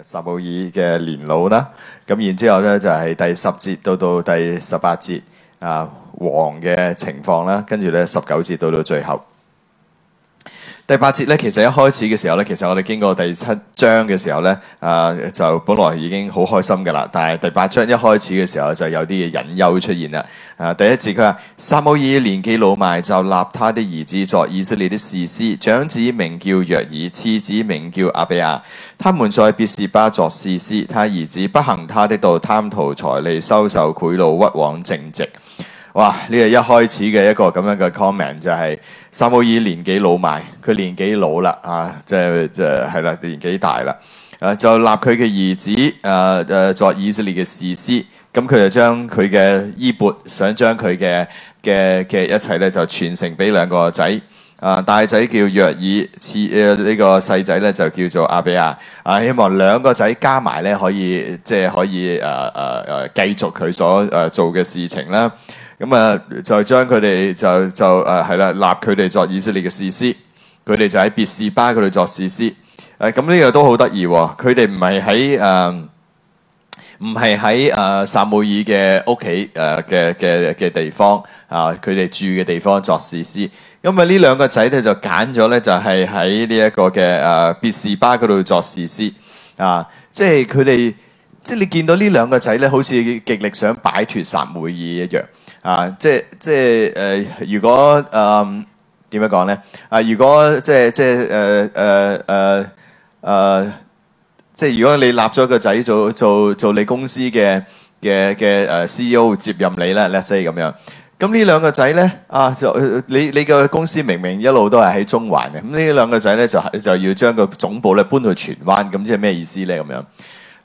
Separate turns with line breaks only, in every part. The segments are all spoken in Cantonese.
.撒母耳嘅年老啦，咁然之後咧就係第十節到到第十八節啊，王嘅情況啦，跟住咧十九節到到最後。第八節咧，其實一開始嘅時候咧，其實我哋經過第七章嘅時候咧，啊、呃、就本來已經好開心嘅啦，但係第八章一開始嘅時候就有啲嘢隱憂出現啦。啊、呃，第一節佢話：撒母耳年紀老邁，就立他的兒子作以色列的士師。長子名叫約珥，次子名叫阿比亞。他們在別是巴作士師。他兒子不行他的道，貪圖財利，收受賄賂，屈枉正直。哇！呢個一開始嘅一個咁樣嘅 comment 就係、是，撒母耳年紀老埋，佢年紀老啦，啊，即係即係係啦，年紀大啦，誒、啊、就立佢嘅兒子，誒、啊、誒作以色列嘅士師。咁、啊、佢就將佢嘅衣缽，想將佢嘅嘅嘅一切咧，就傳承俾兩個仔，啊，大仔叫約珥，次誒、啊這個、呢個細仔咧就叫做阿比亞，啊希望兩個仔加埋咧可以，即、就、係、是、可以誒誒誒繼續佢所誒、啊、做嘅事情啦。咁啊，就將佢哋就就誒係啦，立佢哋作以色列嘅士師。佢哋就喺別士巴嗰度作士師。誒、啊，咁呢個都好得意。佢哋唔係喺誒唔係喺誒撒母耳嘅屋企誒嘅嘅嘅地方啊，佢哋住嘅地方作士師。因為呢兩個仔咧就揀咗咧，就係喺呢一個嘅誒別士巴嗰度作士師啊。即係佢哋即係你見到呢兩個仔咧，好似極力想擺脱撒母耳一樣。啊，即係即係誒、呃，如果誒點樣講咧？啊，如果即係即係誒誒誒誒，即係、呃呃呃、如果你立咗個仔做做做你公司嘅嘅嘅誒、呃、CEO 接任你咧，Let's say 咁樣。咁呢兩個仔咧，啊就你你嘅公司明明一路都係喺中環嘅，咁呢兩個仔咧就就要將個總部咧搬到荃灣，咁即係咩意思咧？咁樣。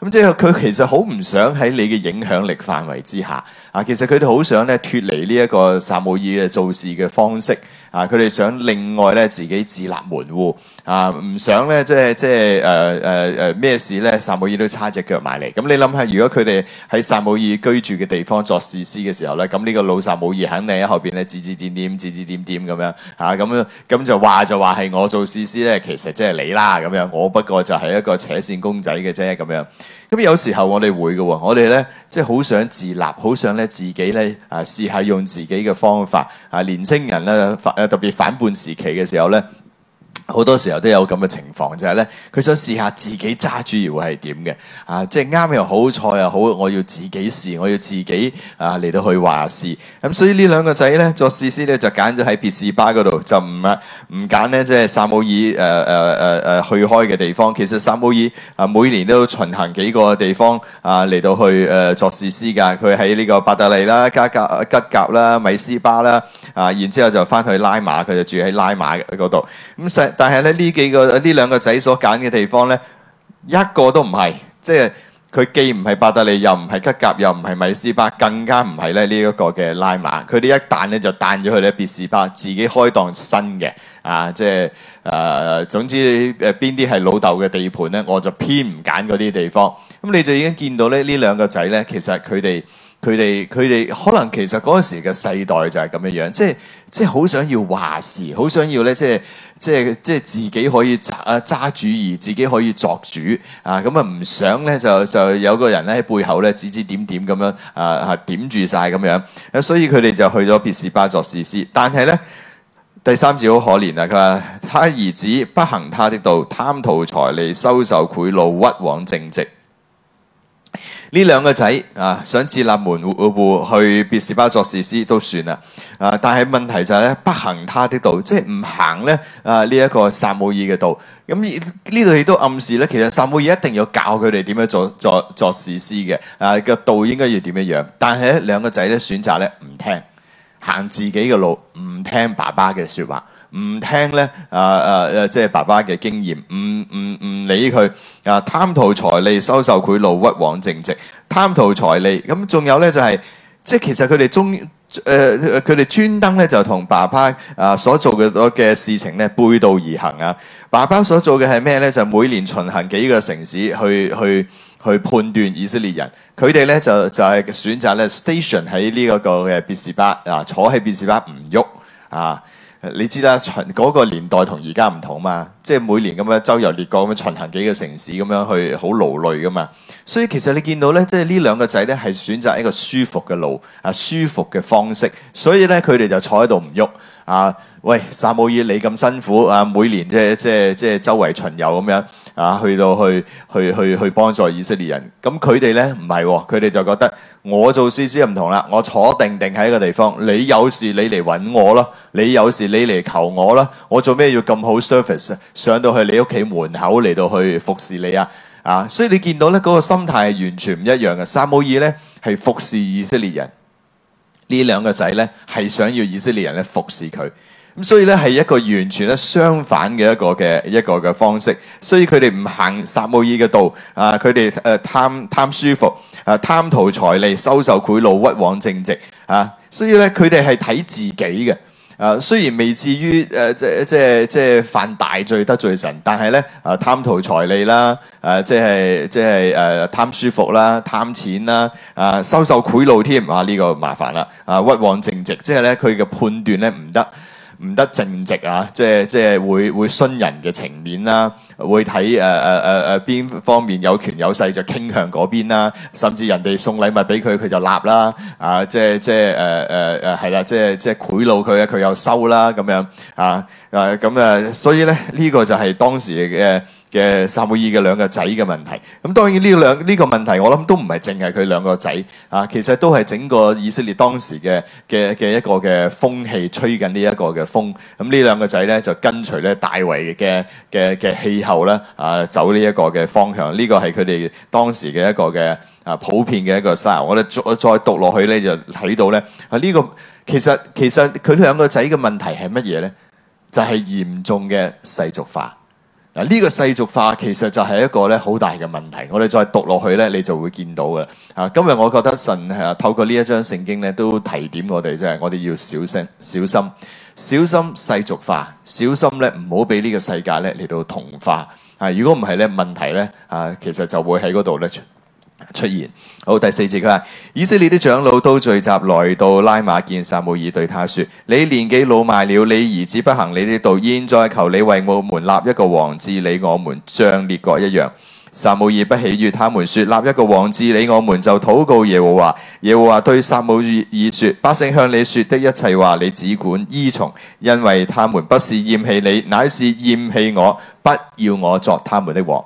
咁即係佢其實好唔想喺你嘅影響力範圍之下，啊！其實佢哋好想咧脫離呢一個撒母耳嘅做事嘅方式。啊！佢哋想另外咧，自己自立門戶啊，唔想咧，即係即係誒誒誒咩事咧？撒母耳都叉隻腳埋嚟。咁、嗯、你諗下，如果佢哋喺撒母耳居住嘅地方作士師嘅時候咧，咁、嗯、呢、這個老撒母耳肯定喺後邊咧，指指點點、指指點點咁樣。嚇咁樣咁就話就話係我做士師咧，其實即係你啦咁樣。我不過就係一個扯線公仔嘅啫咁樣。咁，有時候我哋會嘅，我哋咧，即係好想自立，好想咧自己咧，啊試下用自己嘅方法啊！年青人咧、啊、反特別反叛時期嘅時候咧。好多時候都有咁嘅情況，就係、是、咧，佢想試下自己揸主意會係點嘅？啊，即係啱又好，菜又好，我要自己試，我要自己啊嚟到去話事。咁、啊、所以呢兩個仔咧作士師咧就揀咗喺別是巴嗰度，就唔啊唔揀咧即係撒母耳誒誒誒誒去開嘅地方。其實撒母耳啊每年都巡行幾個地方啊嚟到去誒作士師㗎。佢喺呢個伯特利啦、加格吉甲啦、米斯巴啦啊，然之後就翻去拉馬，佢就住喺拉馬嗰度。咁、嗯嗯但係咧，呢幾個呢兩個仔所揀嘅地方呢，一個都唔係，即係佢既唔係伯特利，又唔係吉甲，又唔係米斯巴，更加唔係咧呢一個嘅拉馬。佢哋一彈呢，就彈咗去咧別是巴，自己開檔新嘅啊！即係誒、呃，總之誒邊啲係老豆嘅地盤呢，我就偏唔揀嗰啲地方。咁你就已經見到咧，呢兩個仔呢，其實佢哋佢哋佢哋可能其實嗰陣時嘅世代就係咁樣樣，即係即係好想要話事，好想要呢，即係。即係即係自己可以揸揸主意，自己可以作主啊！咁啊唔想咧就就有個人咧喺背後咧指指點點咁樣啊啊點住晒咁樣，所以佢哋就去咗別是巴作士師。但係咧第三次好可憐啊！佢話他兒子不行他的道，貪圖財利，收受賄賂，屈枉正直。呢兩個仔啊，想自立門戶去別是巴作士師都算啦，啊！但係問題就係咧，不行他的道，即係唔行咧啊！呢、這、一個撒母耳嘅道，咁呢度亦都暗示咧，其實撒母耳一定要教佢哋點樣做做做士師嘅啊個道應該要點樣樣，但係咧兩個仔咧選擇咧唔聽，行自己嘅路，唔聽爸爸嘅說話。唔聽咧，啊啊啊！即係爸爸嘅經驗，唔唔唔理佢啊，貪圖財利，收受賄賂，屈枉正直，貪圖財利。咁、嗯、仲有咧就係、是，即係其實佢哋中，誒佢哋專登咧就同爸爸啊所做嘅嘅事情咧背道而行啊。爸爸所做嘅係咩咧？就每年巡行幾個城市去去去判斷以色列人。佢哋咧就就係、是、選擇咧 station 喺呢嗰個嘅別是巴啊，坐喺別是巴唔喐啊。你知啦，嗰個年代同而家唔同嘛，即係每年咁樣周遊列國咁樣巡行幾個城市咁樣去，好勞累噶嘛。所以其實你見到咧，即係呢兩個仔咧係選擇一個舒服嘅路啊，舒服嘅方式。所以咧，佢哋就坐喺度唔喐。啊！喂，撒母耳你咁辛苦啊！每年即係即係即係周圍巡遊咁樣啊，去到去去去去幫助以色列人。咁佢哋咧唔係，佢哋、哦、就覺得我做士師唔同啦。我坐定定喺一個地方，你有事你嚟搵我咯，你有事你嚟求我咯。我做咩要咁好 service 上到去你屋企門口嚟到去服侍你啊！啊，所以你見到咧嗰、那個心態係完全唔一樣嘅。撒母耳咧係服侍以色列人。呢兩個仔呢，係想要以色列人咧服侍佢，咁所以呢，係一個完全咧相反嘅一個嘅一個嘅方式，所以佢哋唔行撒母耳嘅道啊！佢哋誒貪貪舒服啊，貪圖財利，收受賄賂，屈枉正直啊！所以呢，佢哋係睇自己嘅。誒，uh, 雖然未至於誒、uh，即係即係即係犯大罪得罪神，但係咧誒貪圖財利啦，誒、啊、即係即係誒貪舒服啦，貪錢啦，誒、啊、收受賄賂添啊呢、呢個麻煩啦，啊屈枉正直，即係咧佢嘅判斷咧唔得。唔得正直啊！即係即係會會徇人嘅情面啦、啊，會睇誒誒誒誒邊方面有權有勢就傾向嗰邊啦，甚至人哋送禮物俾佢，佢就立啦啊！即係即係誒誒誒係啦！即係即係賄賂佢啊，佢又收啦咁樣啊啊咁啊！所以咧呢、呢個就係當時嘅，呃嘅撒母耳嘅兩個仔嘅問題，咁、嗯、當然呢兩呢、這個問題，我諗都唔係淨係佢兩個仔啊，其實都係整個以色列當時嘅嘅嘅一個嘅風氣吹緊呢一個嘅風，咁、嗯、呢兩個仔呢，就跟隨咧大圍嘅嘅嘅氣候咧啊走呢一個嘅方向，呢、這個係佢哋當時嘅一個嘅啊普遍嘅一個 style 我。我哋再再讀落去呢，就睇到呢，啊呢、這個其實其實佢哋兩個仔嘅問題係乜嘢呢？就係、是、嚴重嘅世俗化。嗱，呢個世俗化其實就係一個咧好大嘅問題。我哋再讀落去咧，你就會見到嘅。啊，今日我覺得神係、啊、透過呢一章聖經咧，都提點我哋，即係我哋要小心、小心、小心世俗化，小心咧唔好俾呢個世界咧嚟到同化。啊，如果唔係咧，問題咧啊，其實就會喺嗰度咧。出現好第四節，佢話以色列的長老都聚集來到拉馬見撒母耳，對他說：你年紀老邁了，你兒子不行你的道，現在求你為我們立一個王治理我們，像列國一樣。撒母耳不喜悅他們說立一個王治理我們，就禱告耶和華，耶和華對撒母耳說：百姓向你說的一切話，你只管依從，因為他們不是厭棄你，乃是厭棄我，不要我作他們的王。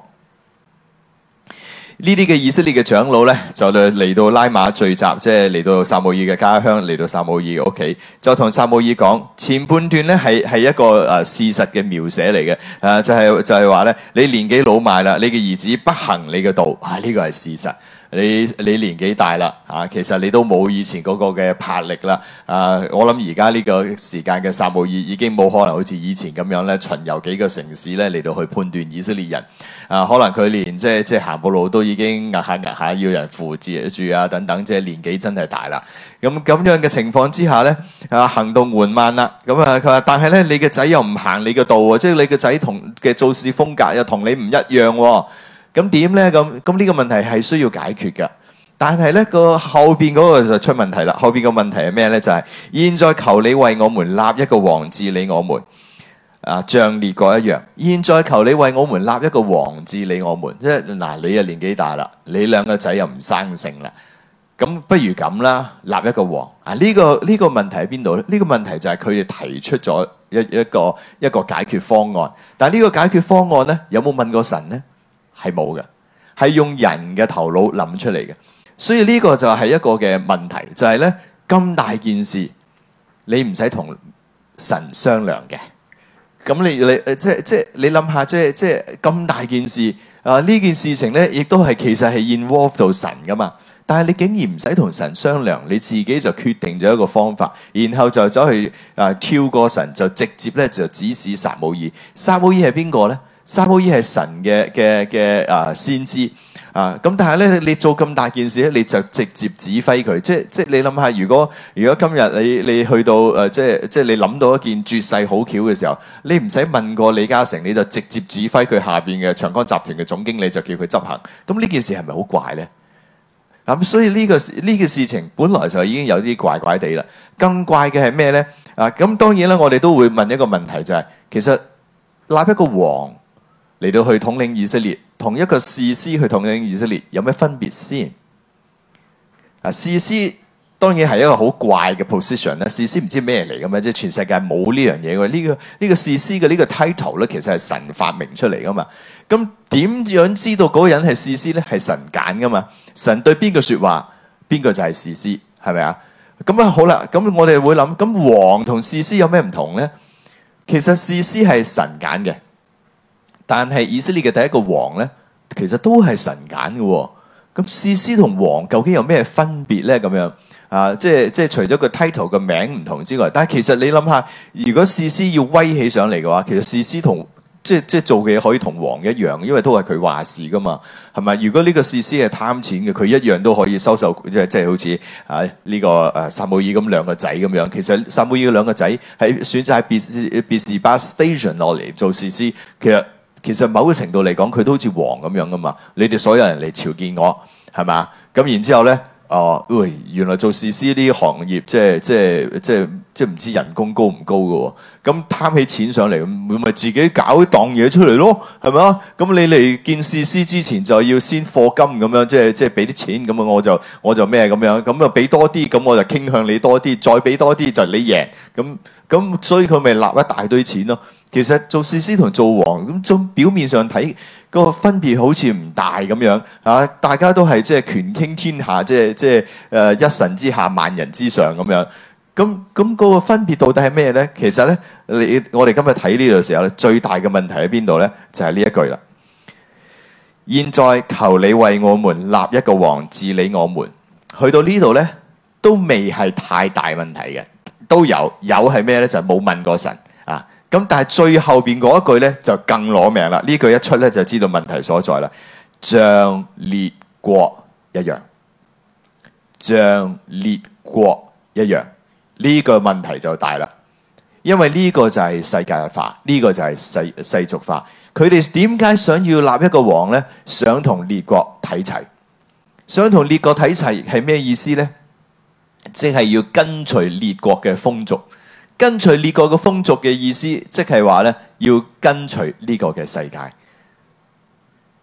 呢啲嘅以色列嘅長老咧，就嚟到拉馬聚集，即係嚟到撒母耳嘅家鄉嚟到撒母耳嘅屋企，就同撒母耳講，前半段咧係係一個誒、啊、事實嘅描寫嚟嘅，誒、啊、就係、是、就係話咧，你年紀老邁啦，你嘅兒子不行你嘅道，啊呢、這個係事實，你你年紀大啦，啊其實你都冇以前嗰個嘅魄力啦，啊我諗而家呢個時間嘅撒母耳已經冇可能好似以前咁樣咧巡遊幾個城市咧嚟到去判斷以色列人，啊可能佢連即係即係行步路，路都。已經壓下壓下，要人扶持住啊！等等，即係年紀真係大啦。咁咁樣嘅情況之下呢，啊行動緩慢啦。咁啊，佢話但係呢，你嘅仔又唔行你嘅道，即係你嘅仔同嘅做事風格又同你唔一樣。咁點咧？咁咁呢個問題係需要解決噶。但係呢個後邊嗰個就出問題啦。後邊個問題係咩呢？就係現在求你為我們立一個王治理我們。啊！像列國一樣，現在求你為我們立一個王治理我們。即係嗱，你又年紀大啦，你兩個仔又唔生性啦，咁不如咁啦，立一個王。啊，呢個呢個問題喺邊度咧？呢個問題就係佢哋提出咗一一個一個解決方案，但係呢個解決方案呢，有冇問過神呢？係冇嘅，係用人嘅頭腦諗出嚟嘅，所以呢個就係一個嘅問題，就係呢：咁大件事，你唔使同神商量嘅。咁你你誒，即係即係你諗下，即係即係咁大件事啊！呢、呃、件事情咧，亦都係其實係 involve 到神噶嘛。但係你竟然唔使同神商量，你自己就決定咗一個方法，然後就走去誒跳、呃、過神，就直接咧就指示撒母耳。撒母耳係邊個咧？撒母耳係神嘅嘅嘅啊先知。啊，咁但係咧，你做咁大件事咧，你就直接指揮佢，即係即係你諗下，如果如果今日你你去到誒、呃，即係即係你諗到一件絕世好橋嘅時候，你唔使問過李嘉誠，你就直接指揮佢下邊嘅長江集團嘅總經理，就叫佢執行。咁、嗯、呢件事係咪好怪呢？咁、嗯、所以呢、這個呢件、這個、事情本來就已經有啲怪怪地啦，更怪嘅係咩呢？啊，咁當然啦，我哋都會問一個問題就係、是，其實立一個王嚟到去統領以色列。同一個士師去統領以色列有咩分別先？啊，士師當然係一個好怪嘅 position 咧。士師唔知咩嚟嘅咩，即係全世界冇呢樣嘢嘅。呢個呢個士師嘅呢個 title 咧，其實係神發明出嚟噶嘛。咁點樣知道嗰個人係士師咧？係神揀噶嘛？神對邊個說話，邊個就係士師，係咪啊？咁啊好啦，咁我哋會諗，咁王同士師有咩唔同咧？其實士師係神揀嘅。但係以色列嘅第一個王呢，其實都係神揀嘅喎。咁士師同王究竟有咩分別呢？咁樣啊，即係即係除咗個 title 嘅名唔同之外，但係其實你諗下，如果士師要威起上嚟嘅話，其實士師同即係做嘅嘢可以同王一樣，因為都係佢話事噶嘛，係咪？如果呢個士師係貪錢嘅，佢一樣都可以收受，即係即係好似啊呢個誒撒母耳咁兩個仔咁樣。其實撒母耳兩個仔喺選擇喺別別是巴 station 落嚟做士師，其實。其實某個程度嚟講，佢都好似王咁樣噶嘛。你哋所有人嚟朝見我，係嘛？咁然之後咧，哦，喂，原來做士師呢行業，即係即係即係即係唔知人工高唔高噶喎、哦。咁貪起錢上嚟咁，咪自己搞一檔嘢出嚟咯，係咪啊？咁你嚟見士師之前就要先課金咁樣，即係即係俾啲錢咁啊，我就我就咩咁樣？咁啊俾多啲，咁我就傾向你多啲，再俾多啲就你贏。咁咁所以佢咪立一大堆錢咯。其實做士師同做王咁，從表面上睇，嗰個分別好似唔大咁樣啊！大家都係即係權傾天下，即係即係誒一神之下，萬人之上咁樣。咁咁嗰個分別到底係咩呢？其實呢，你我哋今日睇呢度時候咧，最大嘅問題喺邊度呢？就係呢一句啦。現在求你為我們立一個王治理我們。去到呢度呢，都未係太大問題嘅，都有有係咩呢？就係冇問過神。咁但係最後邊嗰一句咧，就更攞命啦！呢句一出咧，就知道問題所在啦，像列國一樣，像列國一樣，呢個問題就大啦。因為呢個就係世界化，呢個就係世世俗化。佢哋點解想要立一個王呢？想同列國睇齊，想同列國睇齊係咩意思呢？即係要跟隨列國嘅風俗。跟隨列國嘅風俗嘅意思，即係話呢，要跟隨呢個嘅世界。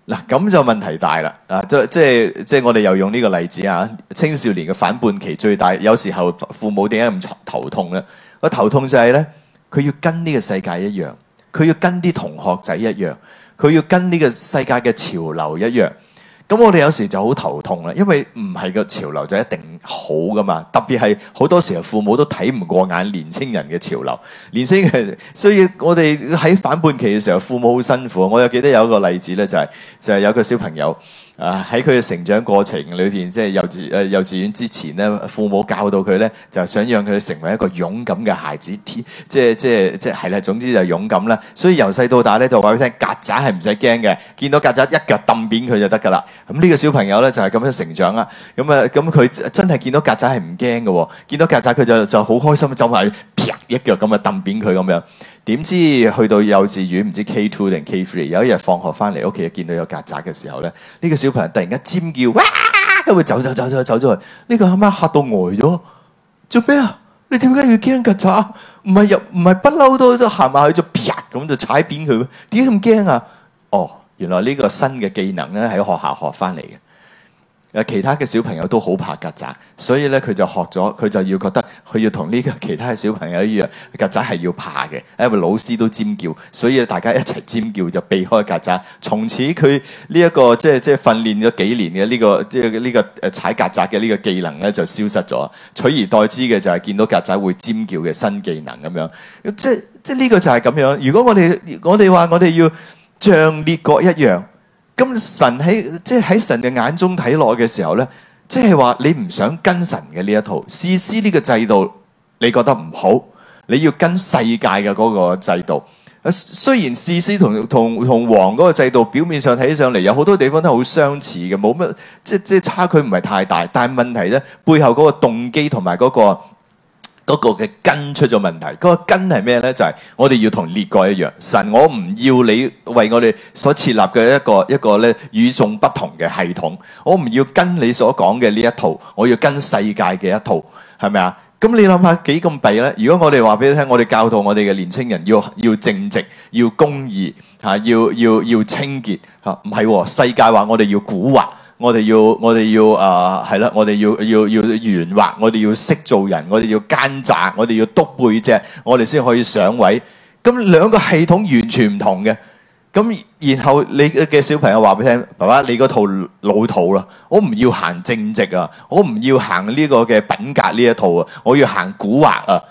嗱，咁就問題大啦。啊，即即即我哋又用呢個例子啊，青少年嘅反叛期最大，有時候父母點解咁頭痛呢？個頭痛就係呢，佢要跟呢個世界一樣，佢要跟啲同學仔一樣，佢要跟呢個世界嘅潮流一樣。咁我哋有時就好頭痛啦，因為唔係個潮流就一定好噶嘛，特別係好多時候父母都睇唔過眼年青人嘅潮流，年青人，所以我哋喺反叛期嘅時候，父母好辛苦。我又記得有一個例子呢，就係就係有個小朋友。啊！喺佢嘅成長過程裏邊，即係幼稚誒幼稚園之前咧，父母教導佢咧，就想讓佢成為一個勇敢嘅孩子，天即即即係啦。總之就勇敢啦。所以由細到大咧，就話俾佢聽，曱甴係唔使驚嘅，見到曱甴一腳揼扁佢就得㗎啦。咁呢個小朋友咧就係、是、咁樣成長啦。咁啊，咁佢真係見到曱甴係唔驚嘅，見到曱甴佢就就好開心走埋去劈一腳咁啊揼扁佢咁樣。點知去到幼稚園唔知 K two 定 K three，有一日放學翻嚟屋企，見到有曱甴嘅時候咧，呢個小朋友突然間尖叫，嘩，咁佢走走走走走咗去，呢個阿媽嚇到呆咗。做咩啊？你點解要驚曱甴？唔係又唔係不嬲都行埋去就劈，咁就踩扁佢，點解咁驚啊？哦，原來呢個新嘅技能咧，喺學校學翻嚟嘅。其他嘅小朋友都好怕曱甴，所以咧佢就學咗，佢就要覺得佢要同呢個其他嘅小朋友一樣，曱甴係要怕嘅。因為老師都尖叫，所以大家一齊尖叫就避開曱甴。從此佢呢一個即係即係訓練咗幾年嘅呢、呢個即係呢個誒、呢個、踩曱甴嘅呢個技能咧就消失咗，取而代之嘅就係見到曱甴會尖叫嘅新技能咁樣。即即呢個就係咁樣。如果我哋我哋話我哋要像列國一樣。咁神喺即係喺神嘅眼中睇落嘅時候呢，即係話你唔想跟神嘅呢一套，士師呢個制度，你覺得唔好，你要跟世界嘅嗰個制度。啊，雖然士師同同同王嗰個制度表面上睇起上嚟有好多地方都好相似嘅，冇乜即即係差距唔係太大，但係問題呢，背後嗰個動機同埋嗰個。嗰個嘅根出咗問題，嗰、嗰個根係咩呢？就係、係、我哋要同列國一樣。神，我唔要你為我哋所設立嘅一個一個咧與眾不同嘅系統，我唔要跟你所講嘅呢一套，我要跟世界嘅一套，係咪啊？咁你諗下幾咁弊呢？如果我哋話俾你聽，我哋教導我哋嘅年青人要要正直、要公義、嚇、啊、要要要清潔嚇，唔、啊、係、哦、世界話我哋要古惑。我哋要，我哋要啊，係、呃、啦，我哋要要要圓滑，我哋要識做人，我哋要奸詐，我哋要篤背脊，我哋先可以上位。咁兩個系統完全唔同嘅。咁然後你嘅小朋友話俾你聽，爸爸你個套老土啦，我唔要行正直啊，我唔要行呢個嘅品格呢一套啊，我要行古惑啊，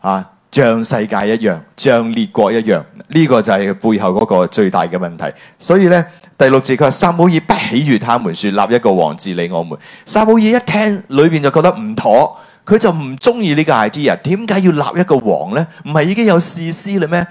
啊！像世界一樣，像列國一樣，呢、這個就係背後嗰個最大嘅問題。所以呢，第六節佢話：撒母耳不喜悅他們説立一個王治理我們。撒母耳一聽裏邊就覺得唔妥，佢就唔中意呢個 idea。點解要立一個王呢？唔係已經有士師了咩？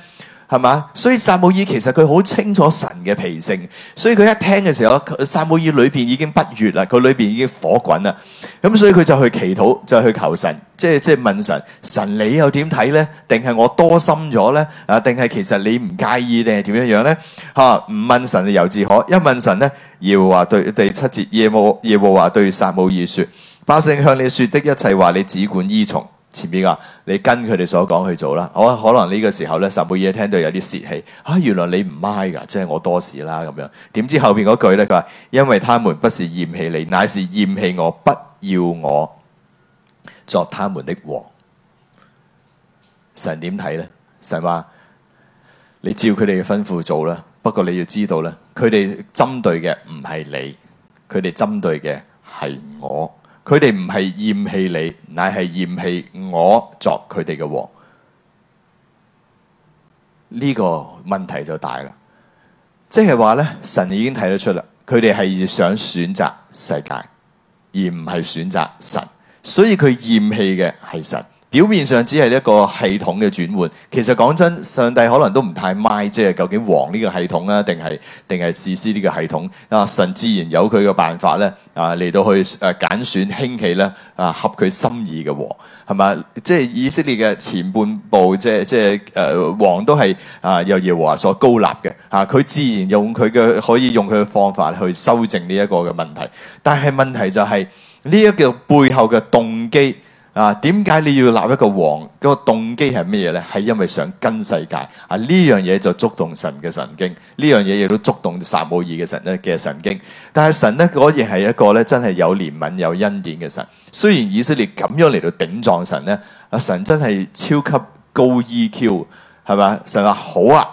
係嘛？所以撒母耳其實佢好清楚神嘅脾性，所以佢一聽嘅時候，撒母耳裏邊已經不悅啦，佢裏邊已經火滾啦。咁所以佢就去祈禱，就去求神，即係即係問神：神你又點睇呢？定係我多心咗呢？啊？定係其實你唔介意定係點樣樣咧？吓、啊、唔問神就由自可，一問神呢，耶和華對第七節，耶和耶和華對撒母耳說：百姓向你說的一切話，你只管依從。前面話你跟佢哋所講去做啦。我、哦、可能呢個時候咧，撒母耳聽到有啲泄氣。啊，原來你唔買噶，即係我多事啦咁樣。點知後邊嗰句咧，佢話因為他們不是厭棄你，乃是厭棄我，不要我作他們的王。神點睇咧？神話你照佢哋嘅吩咐做啦。不過你要知道咧，佢哋針對嘅唔係你，佢哋針對嘅係我。佢哋唔係嫌棄你，乃係嫌棄我作佢哋嘅王。呢個問題就大啦，即係話咧，神已經睇得出啦，佢哋係想選擇世界，而唔係選擇神，所以佢嫌棄嘅係神。表面上只係一個系統嘅轉換，其實講真，上帝可能都唔太賣，即係究竟王呢個系統啊，定係定係士師呢個系統啊？神自然有佢嘅辦法咧，啊，嚟到去誒揀、啊、選興起咧，啊，合佢心意嘅王係咪？即係以色列嘅前半部，即係即係誒王都係啊由耶和華所高立嘅，啊，佢自然用佢嘅可以用佢嘅方法去修正呢一個嘅問題，但係問題就係呢一個背後嘅動機。啊，點解你要立一個王？嗰、那個動機係乜嘢呢？係因為想跟世界。啊，呢樣嘢就觸動神嘅神經，呢樣嘢亦都觸動撒母耳嘅神咧嘅神經。但係神呢，果然係一個咧，真係有憐憫、有恩典嘅神。雖然以色列咁樣嚟到頂撞神呢，阿、啊、神真係超級高 EQ，係咪？神話好啊，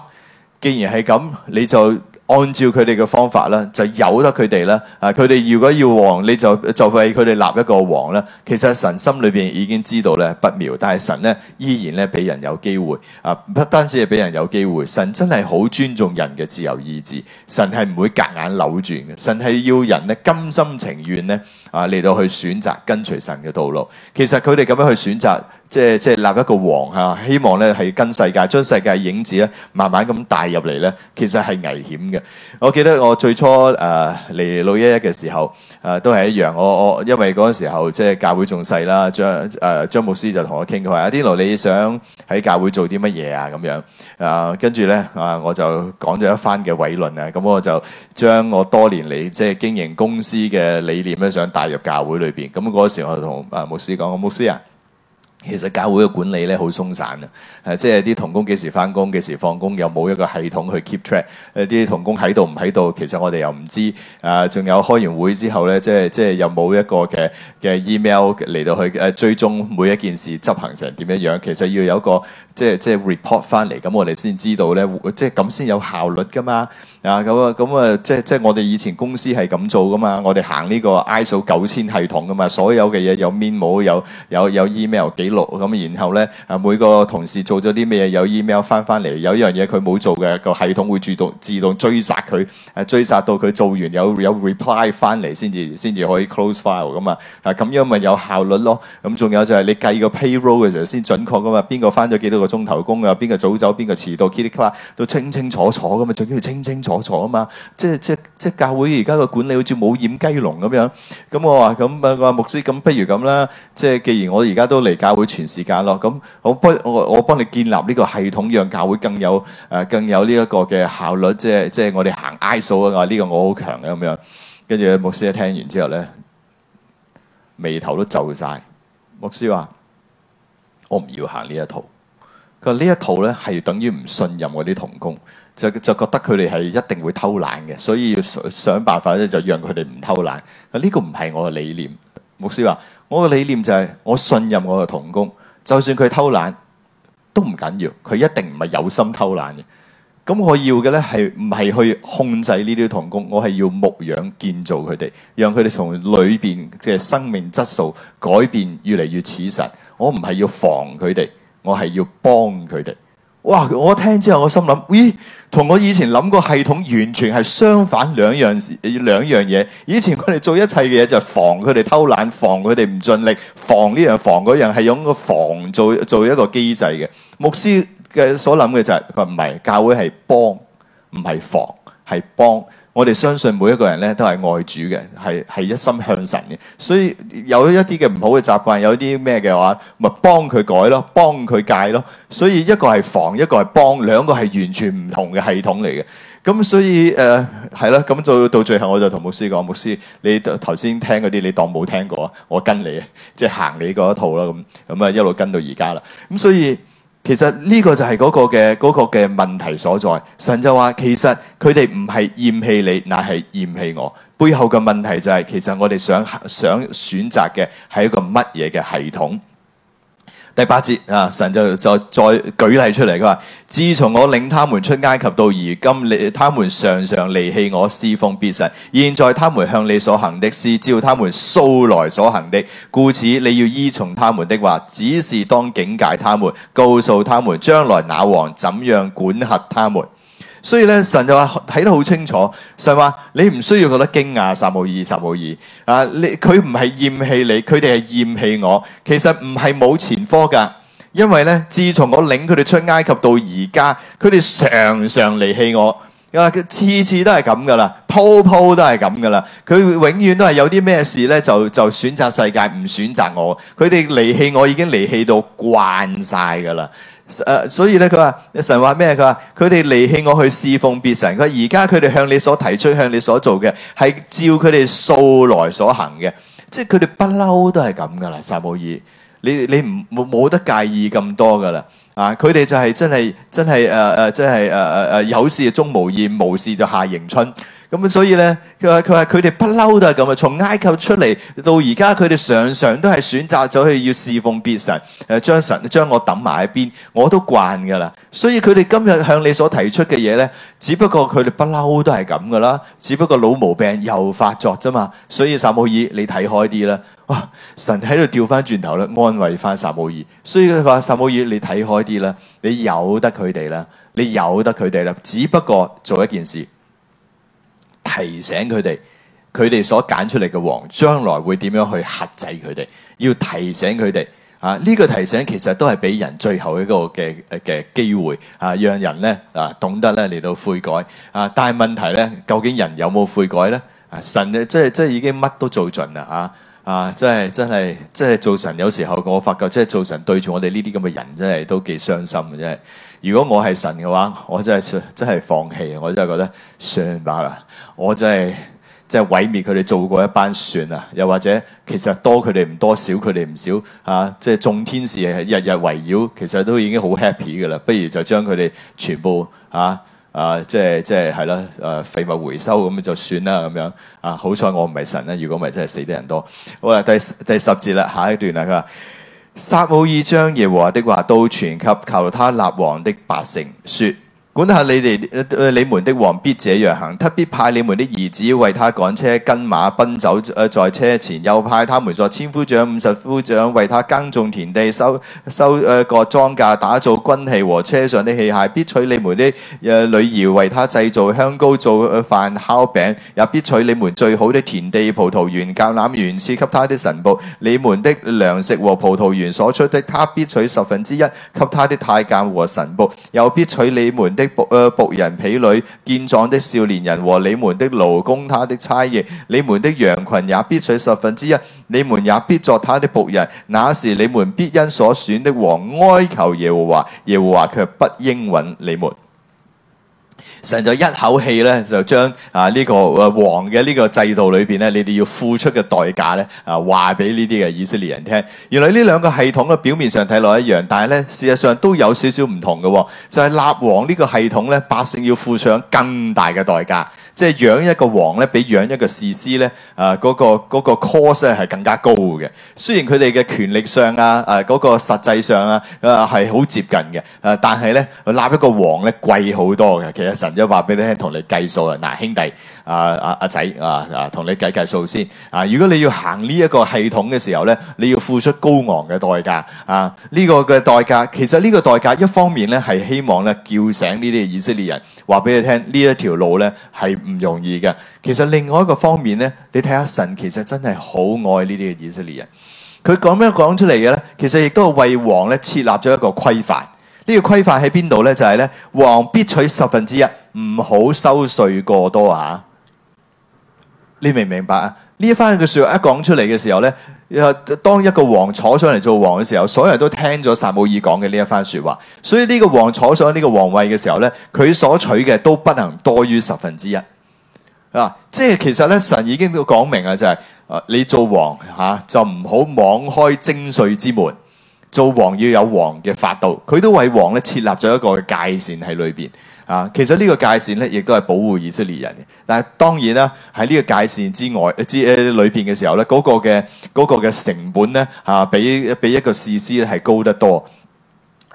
既然係咁，你就。按照佢哋嘅方法啦，就由得佢哋啦。啊，佢哋如果要王，你就就為佢哋立一個王啦。其實神心裏邊已經知道咧不妙，但係神咧依然咧俾人有機會啊。不單止係俾人有機會，神真係好尊重人嘅自由意志。神係唔會隔硬扭轉嘅，神係要人咧甘心情願咧啊嚟到去選擇跟隨神嘅道路。其實佢哋咁樣去選擇。即係即係立一個王嚇，希望咧係跟世界將世界影子咧慢慢咁帶入嚟咧，其實係危險嘅。我記得我最初誒嚟、呃、老一一嘅時候誒、呃，都係一樣。我我因為嗰陣時候即係教會仲細啦，張誒、呃、張牧師就同我傾過話：阿天路你想喺教會做啲乜嘢啊？咁樣啊，跟住咧啊，我就講咗一番嘅偉論啊。咁我就將我多年嚟即係經營公司嘅理念咧，想帶入教會裏邊。咁、那、嗰、個、時我就同啊牧師講：我、oh, 牧師啊。其實教會嘅管理咧好鬆散啊！誒，即係啲童工幾時翻工、幾時放工，有冇一個系統去 keep track？誒、啊，啲童工喺度唔喺度，其實我哋又唔知。誒、啊，仲有開完會之後咧，即係即係又冇一個嘅嘅 email 嚟到去誒、啊、追蹤每一件事執行成點樣樣。其實要有一個即係即係 report 翻嚟，咁我哋先知道咧，即係咁先有效率噶嘛。啊，咁啊咁啊，即係即係我哋以前公司係咁做噶嘛，我哋行呢個 I 數九千系統噶嘛，所有嘅嘢有面 m 有有有，有 email 幾。咁，然後咧，每個同事做咗啲咩嘢，有 email 翻翻嚟。有一樣嘢佢冇做嘅，個系統會自動自動追殺佢，追殺到佢做完有有 reply 翻嚟，先至先至可以 close file 咁啊，咁樣咪有效率咯。咁仲有就係你計個 payroll 嘅時候先準確噶嘛，邊個翻咗幾多個鐘頭工啊，邊個早走，邊個遲到，click 啦，people, 都清清楚楚噶嘛，仲要清清楚楚啊嘛，即係即係即係教會而家個管理好似冇掩雞籠咁樣。咁我話咁啊，我話牧師，咁不如咁啦，即係既然我而家都嚟教會全時間咯，咁我幫我我幫你建立呢個系統，讓教會更有誒更有呢一個嘅效率，即係即係我哋行挨數啊呢個我好強嘅咁樣，跟住牧師一聽完之後咧，眉頭都皺晒。牧師話：我唔要行呢一套。佢話呢一套咧係等於唔信任我啲童工，就就覺得佢哋係一定會偷懶嘅，所以要想想辦法咧就讓佢哋唔偷懶。啊呢個唔係我嘅理念。牧師話。我個理念就係我信任我個童工，就算佢偷懶都唔緊要，佢一定唔係有心偷懶嘅。咁我要嘅呢係唔係去控制呢啲童工，我係要牧養建造佢哋，讓佢哋從裏邊嘅生命質素改變越嚟越似神。我唔係要防佢哋，我係要幫佢哋。哇！我聽之後，我心諗，咦，同我以前諗個系統完全係相反，兩樣事，兩樣嘢。以前佢哋做一切嘅嘢就係防佢哋偷懶，防佢哋唔盡力，防呢樣防嗰樣，係用個防做做一個機制嘅牧師嘅所諗嘅就係佢話，唔係教會係幫，唔係防，係幫。我哋相信每一個人咧都係愛主嘅，係係一心向神嘅，所以有一啲嘅唔好嘅習慣，有啲咩嘅話，咪幫佢改咯，幫佢戒咯。所以一個係防，一個係幫，兩個係完全唔同嘅系統嚟嘅。咁所以誒係咯，咁到到最後我就同牧師講，牧師你頭先聽嗰啲你當冇聽過啊，我跟你即係行你嗰一套啦，咁咁啊一路跟到而家啦。咁所以。其實呢個就係嗰個嘅嗰、嗰個嘅問題所在。神就話，其實佢哋唔係厭棄你，乃係厭棄我。背後嘅問題就係、是，其實我哋想想選擇嘅係一個乜嘢嘅系統。第八節啊，神就,就,就再舉例出嚟，佢話自從我領他們出埃及到而今，你他們常常離棄我，侍奉別神。現在他們向你所行的是，是照他們素來所行的，故此你要依從他們的話，只是當警戒他們，告訴他們將來那王怎樣管轄他們。所以咧，神就話睇得好清楚，神話你唔需要覺得驚訝，撒母耳，撒母耳，啊，你佢唔係厭棄你，佢哋係厭棄我。其實唔係冇前科噶，因為咧，自從我領佢哋出埃及到而家，佢哋常常離棄我，啊，次次都係咁噶啦，鋪鋪都係咁噶啦，佢永遠都係有啲咩事咧，就就選擇世界，唔選擇我。佢哋離棄我已經離棄到慣晒噶啦。誒、啊，所以咧，佢話神話咩？佢話佢哋離棄我去侍奉別神。佢而家佢哋向你所提出，向你所做嘅，係照佢哋素來所行嘅，即係佢哋不嬲都係咁噶啦。撒母耳，你你唔冇冇得介意咁多噶啦。啊，佢哋就係真係真係誒誒，真係誒誒誒有事就鍾無艷，無事就夏迎春。咁、嗯、所以咧，佢話佢話佢哋不嬲都係咁啊，從埃及出嚟到而家，佢哋常常都係選擇咗去要侍奉別神，誒，將神將我抌埋喺邊，我都慣噶啦。所以佢哋今日向你所提出嘅嘢咧，只不過佢哋不嬲都係咁噶啦，只不過老毛病又發作啫嘛。所以撒母耳，你睇開啲啦。哇，神喺度調翻轉頭啦，安慰翻撒母耳。所以佢話撒母耳，你睇開啲啦，你由得佢哋啦，你由得佢哋啦，只不過做一件事。提醒佢哋，佢哋所揀出嚟嘅王將來會點樣去轄制佢哋？要提醒佢哋啊！呢個提醒其實都係俾人最後一個嘅嘅機會啊，讓人咧啊懂得咧嚟到悔改啊！但係問題咧，究竟人有冇悔改咧，啊？神，嘅即係即係已經乜都做盡啦啊啊！啊即真係真係真係做神，有時候我發覺即係做神對住我哋呢啲咁嘅人真係都幾傷心嘅真係如果我係神嘅話，我真係真係放棄，我真係覺得算吧啦，我真係即係毀滅佢哋做過一班算啊！又或者其實多佢哋唔多，少佢哋唔少啊！即係眾天使日日圍繞，其實都已經好 happy 嘅啦。不如就將佢哋全部啊啊，即係即係係啦，誒、啊、廢物回收咁就算啦咁樣啊！好彩我唔係神啦，如果唔係真係死得人多。好啦，第第十節啦，下一段啦，佢話。撒母爾將耶和華的話都傳給求他立王的百姓，說。管下你哋、呃，你們的王必這樣行，他必派你們的兒子為他趕車跟馬奔走，誒、呃、在車前；又派他們作千夫長、五十夫長為他耕種田地、收收誒割莊稼、打造軍器和車上的器械。必取你們的誒、呃、女兒為他製造香膏、做飯烤餅，也必取你們最好的田地、葡萄園、橄欖園賜給他的臣僕。你們的糧食和葡萄園所出的，他必取十分之一給他的太監和臣僕，又必取你們的。僕人婢女健壯的少年人和你們的勞工他的差役你們的羊群也必取十分之一你們也必作他的僕人那時你們必因所選的王哀求耶和華耶和華却不應允你們。 成咗一口氣咧，就將啊呢、呢個誒王嘅呢個制度裏邊咧，你哋要付出嘅代價咧，啊話俾呢啲嘅以色列人聽。原來呢兩個系統嘅表面上睇落一樣，但係咧事實上都有少少唔同嘅，哦。就係、係，立王呢個系統咧，百姓要付上更大嘅代價。即係養一個王咧，比養一個士師咧，啊、呃、嗰、嗰個、嗰個、cost 係更加高嘅。雖然佢哋嘅權力上啊，啊、呃、嗰、嗰個實際上啊，啊係好接近嘅、呃，但係咧，佢立一個王咧貴好多嘅。其實神就話俾你聽，同你計數啊，嗱兄弟。啊啊啊仔啊啊，同、啊啊啊、你計計數先啊！如果你要行呢一個系統嘅時候呢，你要付出高昂嘅代價啊！呢、這個嘅代價，其實呢個代價一方面呢係希望呢叫醒呢啲以色列人，話俾你聽呢一條路呢係唔容易嘅。其實另外一個方面呢，你睇下神其實真係好愛呢啲以色列人。佢咁樣講出嚟嘅呢，其實亦都係為王呢設立咗一個規範。呢、這個規範喺邊度呢？就係、是、呢，王必取十分之一，唔好收稅過多啊！你明唔明白啊？呢一番嘅說話一講出嚟嘅時候呢，然後當一個王坐上嚟做王嘅時候，所有人都聽咗撒母耳講嘅呢一番說話。所以呢個王坐上呢個皇位嘅時候呢，佢所取嘅都不能多於十分之一。啊，即係其實呢，神已經都講明啊，就係、是、你做王吓就唔好妄開徵稅之門。做王要有王嘅法度，佢都為王咧設立咗一個界線喺裏邊啊。其實呢個界線咧，亦都係保護以色列人嘅。但係當然啦，喺呢個界線之外，之、呃、裏邊嘅時候咧，嗰、嗰個嘅嗰個嘅成本咧啊，比比一個士師咧係高得多。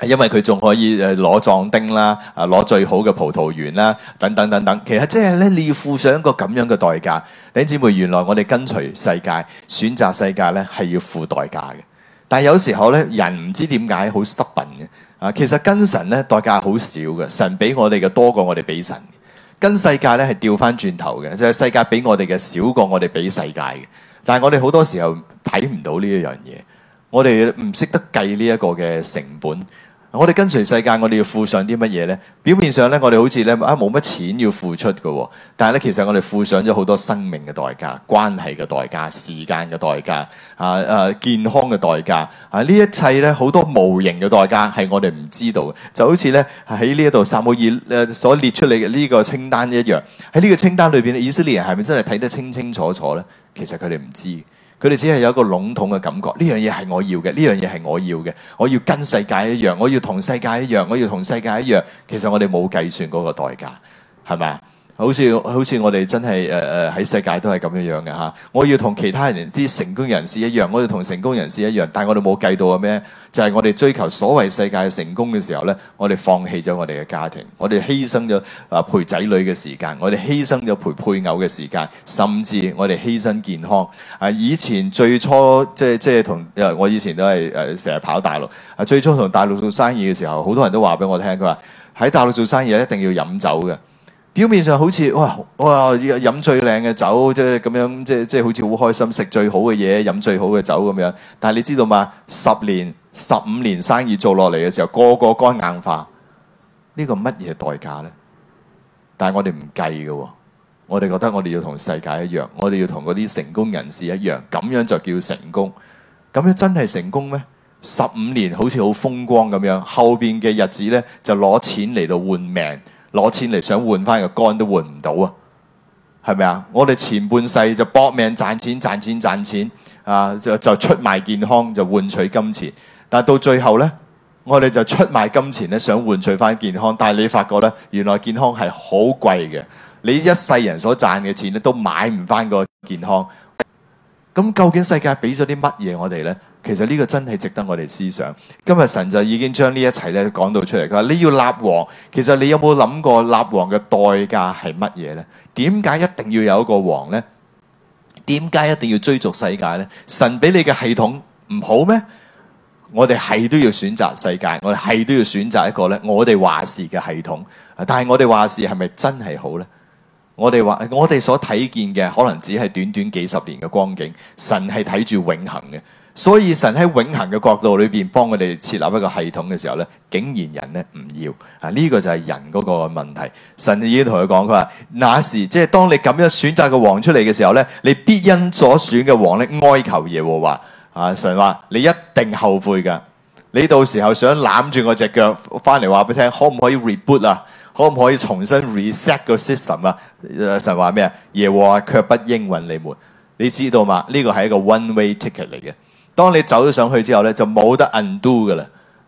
因為佢仲可以誒攞壯丁啦，啊攞最好嘅葡萄園啦，等等等等。其實即係咧，你要付上一個咁樣嘅代價。弟兄姊妹，原來我哋跟隨世界、選擇世界咧，係要付代價嘅。但係有時候咧，人唔知點解好 stubborn 嘅啊！其實跟神咧，代價好少嘅，神俾我哋嘅多過我哋俾神。跟世界咧係掉翻轉頭嘅，就係世界俾我哋嘅少過我哋俾世界嘅。但係我哋好多時候睇唔到呢一樣嘢，我哋唔識得計呢一個嘅成本。我哋跟隨世界，我哋要付上啲乜嘢呢？表面上呢，我哋好似呢，啊冇乜錢要付出嘅，但係呢，其實我哋付上咗好多生命嘅代價、關係嘅代價、時間嘅代價、啊啊健康嘅代價啊！呢一切呢，好多無形嘅代價，係我哋唔知道。就好似呢，喺呢一度撒母耳所列出嚟嘅呢個清單一樣，喺呢個清單裏邊，以色列人係咪真係睇得清清楚楚呢？其實佢哋唔知。佢哋只係有一個籠統嘅感覺，呢樣嘢係我要嘅，呢樣嘢係我要嘅，我要跟世界一樣，我要同世界一樣，我要同世界一樣。其實我哋冇計算嗰個代價，係咪啊？好似好似我哋真係誒誒喺世界都係咁樣樣嘅嚇。我要同其他人啲成功人士一樣，我要同成功人士一樣，但係我哋冇計到嘅咩？就係我哋追求所謂世界成功嘅時候呢，我哋放棄咗我哋嘅家庭，我哋犧牲咗啊陪仔女嘅時間，我哋犧牲咗陪配偶嘅時間，甚至我哋犧牲健康啊。以前最初即係即係同我以前都係誒成日跑大陸啊。最初同大陸做生意嘅時候，好多人都話俾我聽，佢話喺大陸做生意一定要飲酒嘅。表面上好似哇哇飲最靚嘅酒，即係咁樣，即係即係好似好開心，食最好嘅嘢，飲最好嘅酒咁樣。但係你知道嘛？十年、十五年生意做落嚟嘅時候，個個肝硬化。呢個乜嘢代價呢？但係我哋唔計㗎喎，我哋覺得我哋要同世界一樣，我哋要同嗰啲成功人士一樣，咁樣就叫成功。咁樣真係成功咩？十五年好似好風光咁樣，後邊嘅日子呢，就攞錢嚟到換命。攞錢嚟想換翻個肝都換唔到啊，係咪啊？我哋前半世就搏命賺錢、賺錢、賺錢啊！就就出賣健康就換取金錢，但到最後呢，我哋就出賣金錢咧，想換取翻健康。但係你發覺呢，原來健康係好貴嘅，你一世人所賺嘅錢咧都買唔翻個健康。咁究竟世界俾咗啲乜嘢我哋呢？其實呢個真係值得我哋思想。今日神就已經將呢一切咧講到出嚟，佢話你要立王，其實你有冇諗過立王嘅代價係乜嘢呢？點解一定要有一個王呢？點解一定要追逐世界呢？神俾你嘅系統唔好咩？我哋係都要選擇世界，我哋係都要選擇一個咧，我哋話事嘅系統，但係我哋話事係咪真係好呢？我哋話我哋所睇見嘅可能只係短短幾十年嘅光景，神係睇住永恆嘅。所以神喺永恆嘅角度裏邊幫佢哋設立一個系統嘅時候咧，竟然人咧唔要啊！呢個就係人嗰個問題。神已經同佢講，佢話那時即係當你咁樣選擇個王出嚟嘅時候咧，你必因所選嘅王咧哀求耶和華啊！神話你一定後悔噶，你到時候想攬住我隻腳翻嚟話俾你聽，可唔可以 reboot 啊？可唔可以重新 reset 個 system 啊？啊神話咩啊？耶和華卻不應允你們，你知道嘛？呢個係一個 one way ticket 嚟嘅。當你走咗上去之後咧，就冇得 undo 噶啦，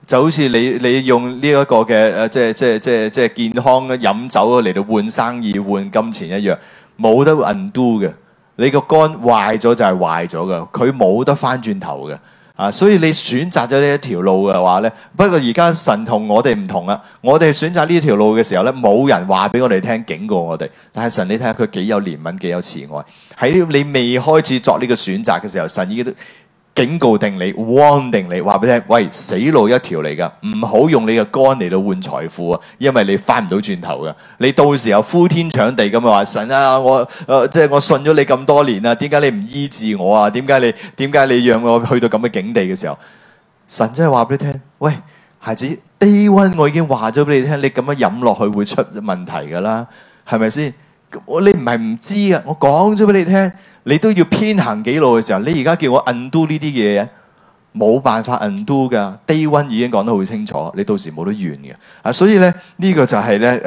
就好似你你用呢一個嘅誒，即係即係即係即係健康嘅飲酒嚟到換生意換金錢一樣，冇得 undo 嘅。你個肝壞咗就係壞咗噶，佢冇得翻轉頭嘅。啊，所以你選擇咗呢一條路嘅話咧，不過而家神同我哋唔同啊，我哋選擇呢條路嘅時候咧，冇人話俾我哋聽，警告我哋。但係神你，你睇下佢幾有憐憫幾有慈愛，喺呢你未開始作呢個選擇嘅時候，神已經都。警告定你，warning 你，話俾你聽，喂，死路一條嚟噶，唔好用你嘅肝嚟到換財富啊，因為你翻唔到轉頭噶，你到時候呼天搶地咁啊話神啊，我，誒、呃，即、就、係、是、我信咗你咁多年啊，點解你唔醫治我啊？點解你，點解你讓我去到咁嘅境地嘅時候，神真係話俾你聽，喂，孩子，day one 我已經話咗俾你聽，你咁樣飲落去會出問題噶啦，係咪先？我你唔係唔知啊，我講咗俾你聽。你都要偏行己路嘅時候，你而家叫我 undo 呢啲嘢，冇辦法 undo 噶。Day One 已經講得好清楚，你到時冇得怨嘅。啊，所以咧呢、這個就係咧誒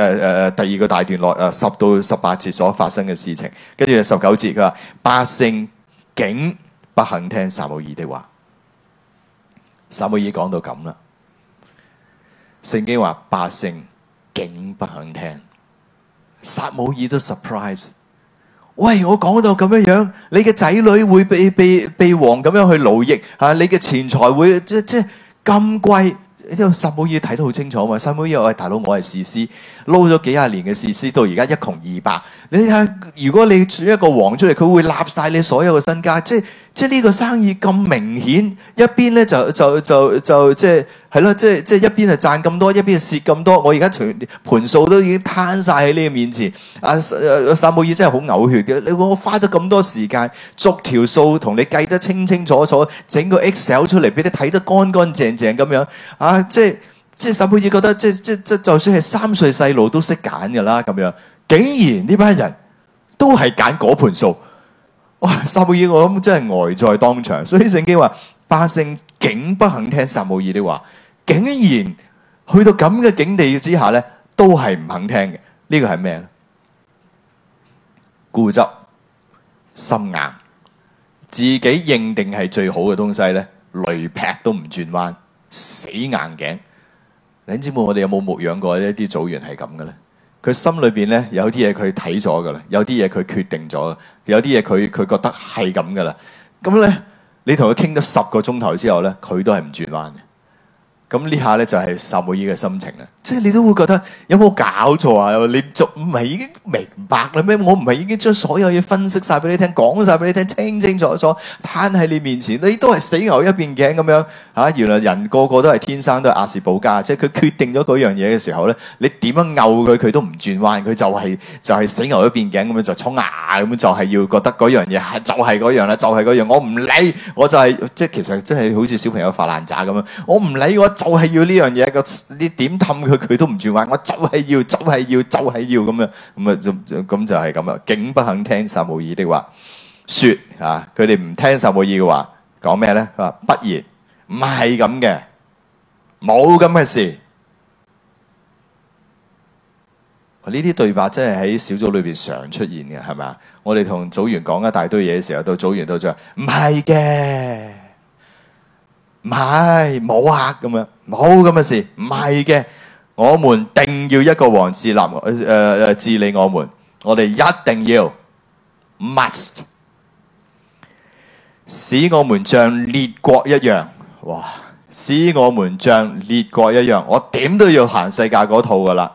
誒第二個大段落誒、呃、十到十八節所發生嘅事情，跟住十九節佢話百姓竟不肯聽撒母耳的話。撒母耳講到咁啦，聖經話百姓竟不肯聽。撒母耳都 surprise。喂，我講到咁樣樣，你嘅仔女會被被被王咁樣去奴役嚇，你嘅錢財會即即咁貴。呢個撒母耳睇得好清楚嘛，撒母耳話：喂、哎，大佬我係士師，撈咗幾廿年嘅士師，到而家一窮二白。你睇下，如果你煮一個王出嚟，佢會立晒你所有嘅身家。即即呢個生意咁明顯，一邊咧就就就就，就即。係咯，即係即係一邊係賺咁多，一邊蝕咁多。我而家除盤數都已經攤晒喺你面前。阿阿撒母耳真係好嘔血嘅，你我花咗咁多時間逐條數同你計得清清楚楚，整個 Excel 出嚟俾你睇得乾乾淨淨咁樣。啊，即係即係撒母耳覺得即即即就算係三歲細路都識揀噶啦咁樣，竟然呢班人都係揀嗰盤數。哇、啊，撒母耳我諗真係呆、呃、在當場。所以聖經話。百姓竟不肯聽撒母耳的話，竟然去到咁嘅境地之下咧，都係唔肯聽嘅。這個、呢個係咩？固執、心硬，自己認定係最好嘅東西咧，雷劈都唔轉彎，死硬頸。你知唔知我哋有冇牧養過一啲組員係咁嘅咧？佢心裏邊咧有啲嘢佢睇咗噶啦，有啲嘢佢決定咗，有啲嘢佢佢覺得係咁噶啦。咁咧。你同佢傾咗十個鐘頭之後呢，佢都係唔轉彎嘅。咁呢下呢，就係撒母耳嘅心情啊！即係你都會覺得有冇搞錯啊？你仲唔係已經明白啦咩？我唔係已經將所有嘢分析晒俾你聽，講晒俾你聽，清清楚楚攤喺你面前，你都係死牛一邊頸咁樣。啊！原來人個個都係天生都係亞視保家，即係佢決定咗嗰樣嘢嘅時候咧，你點樣拗佢，佢都唔轉彎，佢就係就係死牛咁變頸咁樣，就衝牙咁，就係要覺得嗰樣嘢係就係嗰樣啦，就係嗰樣，我唔理，我就係即係其實真係好似小朋友發爛渣咁樣，我唔理，我就係要呢樣嘢。個你點氹佢，佢都唔轉彎，我就係要，就係要，就係要咁樣咁啊，就咁就係咁啦。竟不肯聽撒母耳的話，説啊，佢哋唔聽撒母耳嘅話，講咩咧？佢話不然。唔係咁嘅，冇咁嘅事。呢啲對白真係喺小組裏邊常出現嘅，係咪啊？我哋同組員講一大堆嘢嘅時候，到組員都就話唔係嘅，唔係冇客咁樣，冇咁嘅事，唔係嘅。我們定要一個王治立，誒誒治理我們，我哋一定要 must 使我們像列國一樣。哇！使我們像列國一樣，我點都要行世界嗰套噶啦！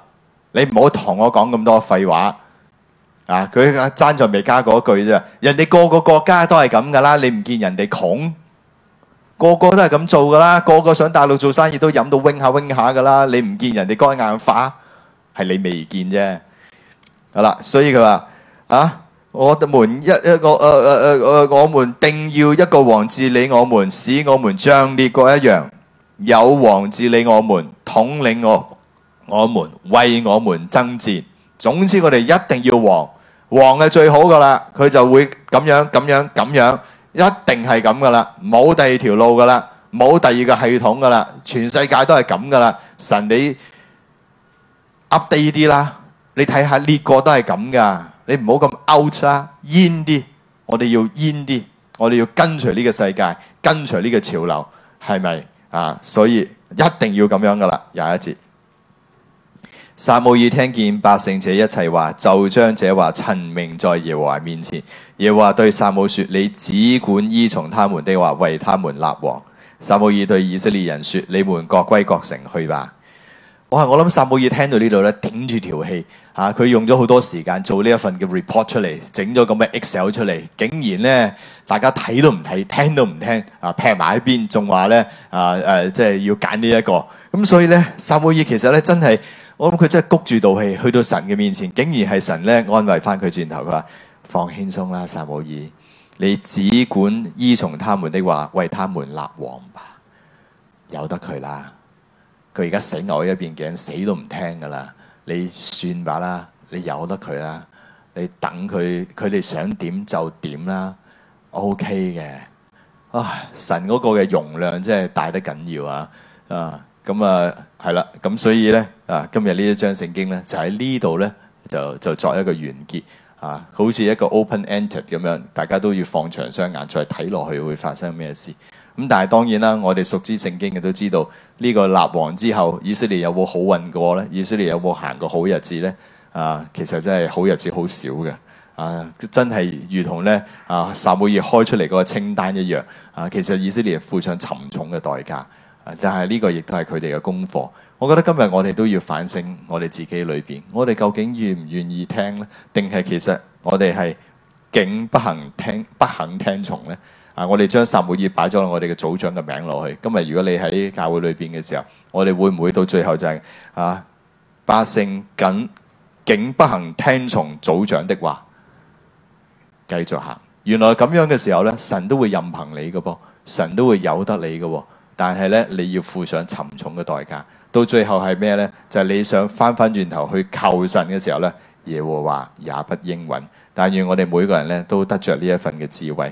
你唔好同我講咁多廢話啊！佢爭在未加嗰句啫，人哋個個國家都係咁噶啦，你唔見人哋窮，個個都係咁做噶啦，個個上大陸做生意都飲到 wing 下 wing 下噶啦，你唔見人哋該眼花，係你未見啫。好啦，所以佢話啊。我哋們一一個誒誒誒誒，我們定要一個王治理我們，使我們像列國一樣，有王治理我們，統領我，我們為我們爭戰。總之，我哋一定要王，王係最好噶啦，佢就會咁樣咁樣咁樣，一定係咁噶啦，冇第二條路噶啦，冇第二個系統噶啦，全世界都係咁噶啦。神，你 update 啲啦，你睇下列國都係咁噶。你唔好咁 out 啦 in 啲，我哋要 in 啲，我哋要跟隨呢個世界，跟隨呢個潮流，係咪啊？所以一定要咁樣噶啦。廿一節，撒母耳聽見百姓者一切話，就將這話陳明在耶和華面前。耶和華對撒母說：你只管依從他們的話，為他們立王。撒母耳對以色列人說：你們各歸各城去吧。我話我諗撒母耳聽到呢度呢，頂住條氣，吓、啊、佢用咗好多時間做呢一份嘅 report 出嚟，整咗咁嘅 excel 出嚟，竟然呢，大家睇都唔睇，聽都唔聽，啊劈埋喺邊，仲話呢，啊誒，即、啊、係、啊就是、要揀呢一個。咁所以呢，撒母耳其實呢，真係，我諗佢真係谷住道氣去到神嘅面前，竟然係神呢安慰翻佢轉頭，佢話放輕鬆啦，撒母耳，你只管依從他們的話，為他們立王吧，由得佢啦。佢而家死牛喺一邊頸，死都唔聽噶啦！你算吧啦，你由得佢啦，你等佢，佢哋想點就點啦，O K 嘅。啊，神嗰個嘅容量真係大得緊要啊！啊，咁啊，係啦，咁所以呢，啊，今日呢一章聖經呢，就喺呢度呢，就就作一個完結。啊，好似一個 open ended 咁樣，大家都要放長雙眼，再睇落去會發生咩事。咁但係當然啦，我哋熟知聖經嘅都知道，呢個立王之後，以色列有冇好運過呢？以色列有冇行過好日子呢？啊，其實真係好日子好少嘅，啊，真係如同呢，啊撒母耳開出嚟嗰個清單一樣啊，其實以色列付上沉重嘅代價，啊，但係呢個亦都係佢哋嘅功課。我覺得今日我哋都要反省我哋自己裏邊，我哋究竟願唔願意聽呢？定係其實我哋係竟不肯聽，不肯聽從呢？啊！我哋將撒母耳擺咗我哋嘅組長嘅名落去。今日如果你喺教會裏邊嘅時候，我哋會唔會到最後就係、係、啊百姓僅竟不肯聽從組長的話，繼續行？原來咁樣嘅時候咧，神都會任憑你嘅噃，神都會由得你嘅，但係呢，你要付上沉重嘅代價。到最後係咩呢？就係、你想翻返轉頭去求神嘅時候呢，耶和華也不應允。但願我哋每個人呢，都得着呢一份嘅智慧。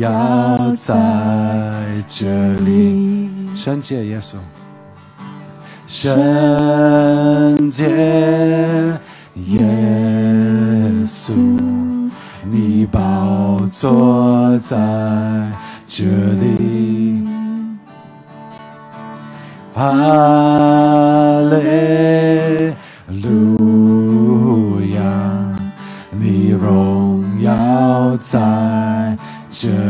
要在這裏，聖潔耶穌，聖潔耶穌，你寶座在這裏，這裏哈利路亞，你榮耀在這裏。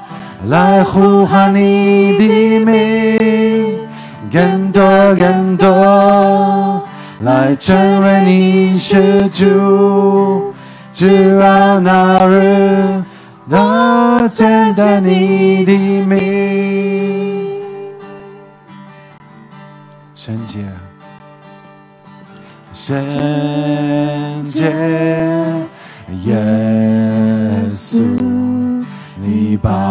來呼喊你的名，更多更多，來成為你施主，直到那日，得見到你的名。聖潔，聖潔，耶穌，你把。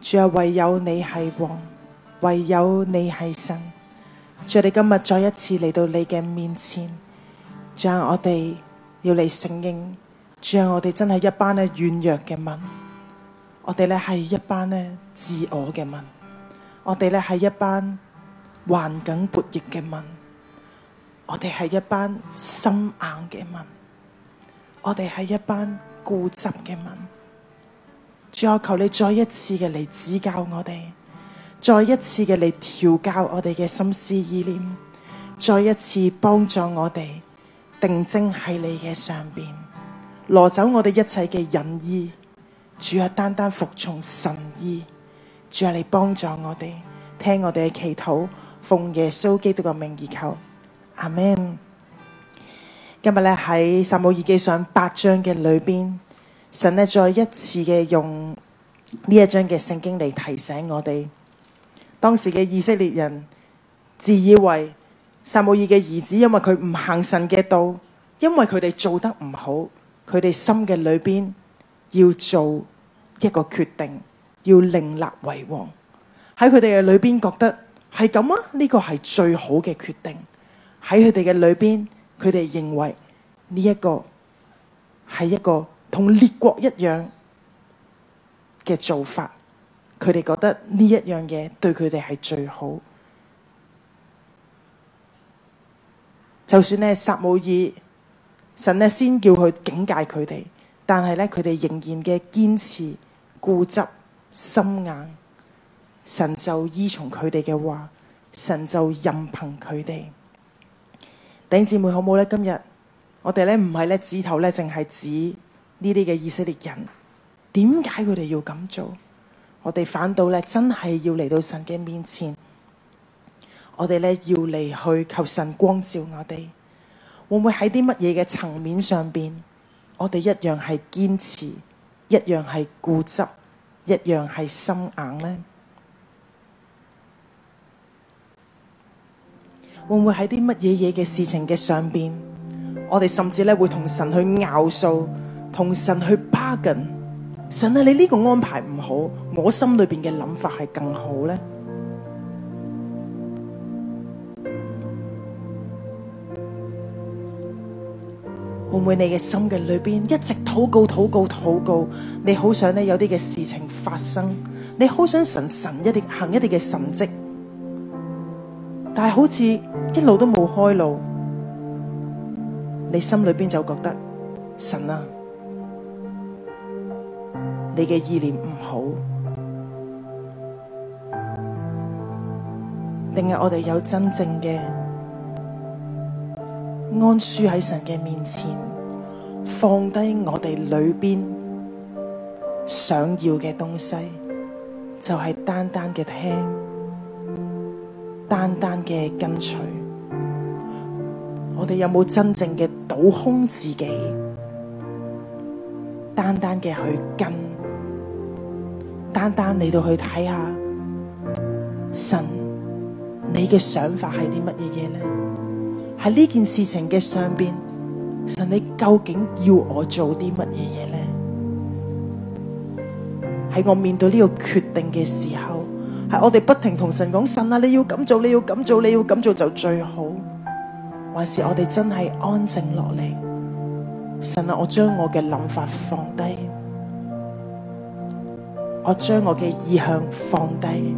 主啊，唯有你係王，唯有你係神。主啊，你今日再一次嚟到你嘅面前。主啊，我哋要嚟承認。主啊，我哋真係一班咧軟弱嘅民，我哋咧係一班咧自我嘅民，我哋咧係一班環境悖逆嘅民，我哋係一班心硬嘅民，我哋係一班固執嘅民。主啊，我求你再一次嘅嚟指教我哋，再一次嘅嚟調教我哋嘅心思意念，再一次幫助我哋定睛喺你嘅上邊，挪走我哋一切嘅人意，主啊，單單服從神意。主啊，你幫助我哋，聽我哋嘅祈禱，奉耶穌基督嘅名義求。阿門。今日咧喺《撒母耳記》上八章嘅裏邊。神再一次用呢一章嘅聖經嚟，提醒我哋，當時嘅以色列人自以為撒母耳嘅兒子，因為佢唔行神嘅道，因為佢哋做得唔好，佢哋心嘅裏邊要做一個決定，要另立為王。喺佢哋嘅裏邊覺得係咁啊，呢個係最好嘅決定，喺佢哋嘅裏邊，佢哋認為呢一個係一個。同列國一樣嘅做法，佢哋覺得呢一樣嘢對佢哋係最好。就算呢撒母耳神呢先叫佢警戒佢哋，但係呢，佢哋仍然嘅堅持固執心硬，神就依從佢哋嘅話，神就任憑佢哋。頂姊妹好唔好呢？今日我哋呢唔係呢指頭呢淨係指。呢啲嘅以色列人點解佢哋要咁做？我哋反倒咧，真係要嚟到神嘅面前，我哋咧要嚟去求神光照我哋。會唔會喺啲乜嘢嘅層面上邊，我哋一樣係堅持，一樣係固執，一樣係心硬呢？會唔會喺啲乜嘢嘢嘅事情嘅上邊，我哋甚至咧會同神去拗數？同神去 bargain 神啊！你呢個安排唔好，我心裏邊嘅諗法係更好咧，會唔會你嘅心嘅裏邊一直禱告、禱告、禱告？你好想呢有啲嘅事情發生，你好想神神一定行一定嘅神蹟，但係好似一路都冇開路，你心裏邊就覺得神啊！你嘅意念唔好，定係我哋有真正嘅安舒喺神嘅面前，放低我哋裏邊想要嘅東西，就係單單嘅聽，單單嘅跟隨。我哋有冇真正嘅倒空自己？單單嘅去跟。單單你都去睇下神，你嘅想法係啲乜嘢嘢咧？喺呢件事情嘅上面，神你究竟要我做啲乜嘢嘢咧？喺我面對呢個決定嘅時候，係我哋不停同神講神啊，你要咁做，你要咁做，你要咁做就最好，還是我哋真係安靜落嚟？神啊，我將我嘅諗法放低。我將我嘅意向放低，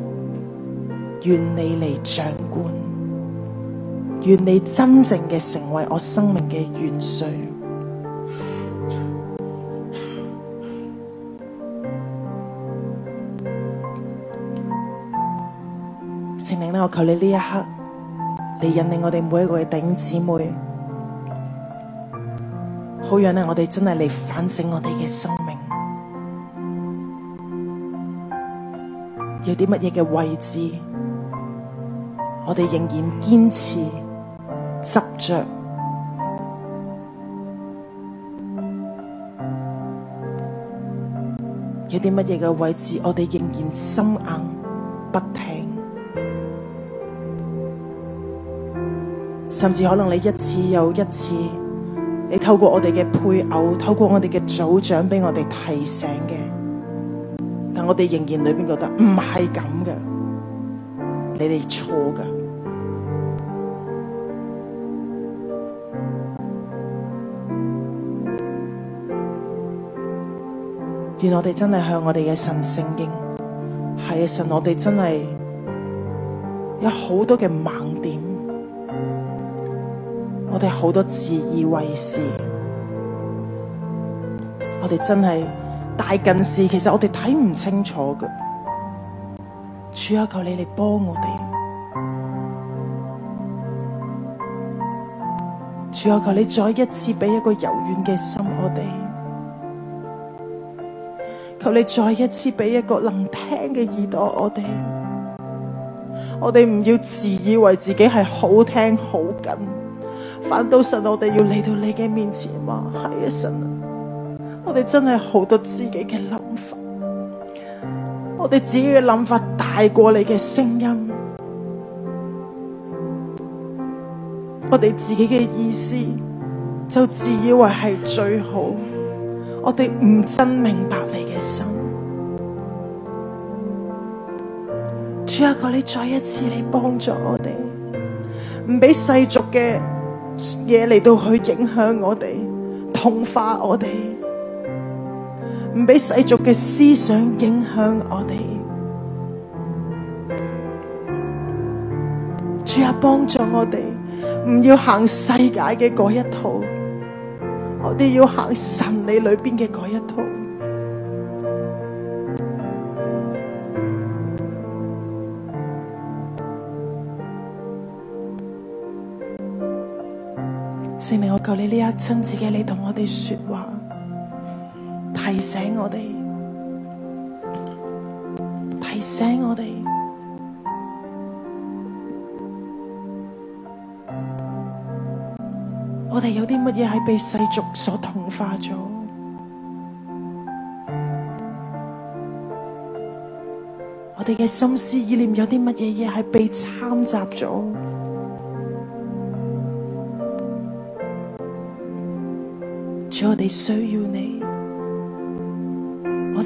願你嚟掌管，願你真正嘅成為我生命嘅元帥。聖靈呢，我求你呢一刻，嚟引領我哋每一個嘅頂姊妹，好讓呢，我哋真係嚟反省我哋嘅心。有啲乜嘢嘅位置，我哋仍然堅持執着；有啲乜嘢嘅位置，我哋仍然心硬不停。甚至可能你一次又一次，你透過我哋嘅配偶，透過我哋嘅組長，俾我哋提醒嘅。我哋仍然裏邊覺得唔係咁嘅，你哋錯噶。原來我哋真係向我哋嘅神承認，係啊，神，我哋真係有好多嘅盲點，我哋好多自以為是，我哋真係。大近視，其實我哋睇唔清楚嘅。主啊，求你嚟幫我哋。主啊，求你再一次俾一個柔軟嘅心我哋。求你再一次俾一個能聽嘅耳朵我哋。我哋唔要自以為自己係好聽好緊，反到神，我哋要嚟到你嘅面前話，係啊，神。我哋真係好多自己嘅諗法，我哋自己嘅諗法大過你嘅聲音，我哋自己嘅意思就自以為係最好，我哋唔真明白你嘅心。主啊，哥，你再一次，你幫助我哋，唔俾世俗嘅嘢嚟到去影響我哋，同化我哋。唔俾世俗嘅思想影響我哋，主啊，幫助我哋，唔要行世界嘅嗰一套，我哋要行神理裏邊嘅嗰一套。聖 靈，我求你呢一親自己，你同我哋說話。提醒我哋，提醒我哋，我哋有啲乜嘢係被世俗所同化咗？我哋嘅心思意念有啲乜嘢嘢係被摻雜咗？主，我哋需要你。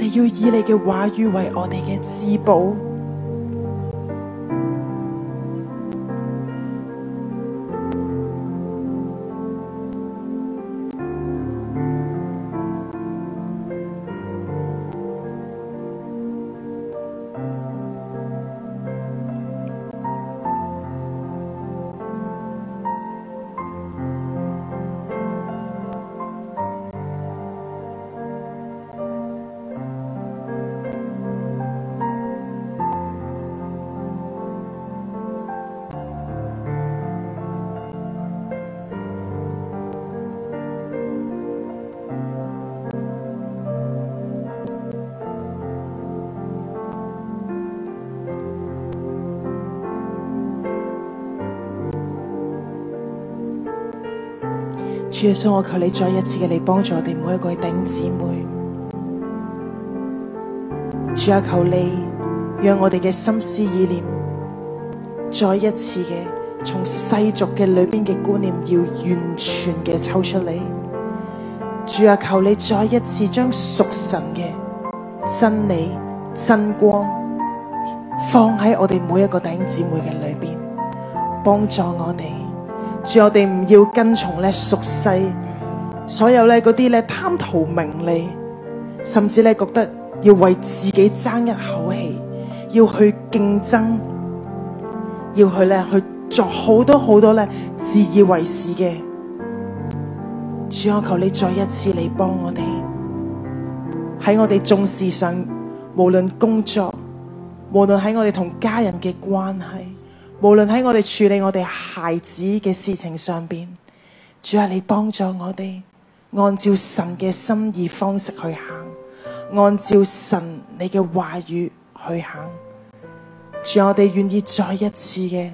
你要以你嘅話語為我哋嘅至寶。主耶穌，我求你再一次嘅你幫助我哋每一個頂姊妹。主啊，求你讓我哋嘅心思意念再一次嘅從世俗嘅裏邊嘅觀念要完全嘅抽出嚟。主啊，求你再一次將屬神嘅真理真光放喺我哋每一個頂姊妹嘅裏邊，幫助我哋。主我哋唔要跟從咧俗世，所有咧嗰啲咧貪圖名利，甚至咧覺得要為自己爭一口氣，要去競爭，要去咧去做好多好多咧自以為是嘅。主，我求你再一次嚟幫我哋，喺我哋重視上，無論工作，無論喺我哋同家人嘅關係。無論喺我哋處理我哋孩子嘅事情上面，主啊，你幫助我哋按照神嘅心意方式去行，按照神你嘅話語去行。主，我哋願意再一次嘅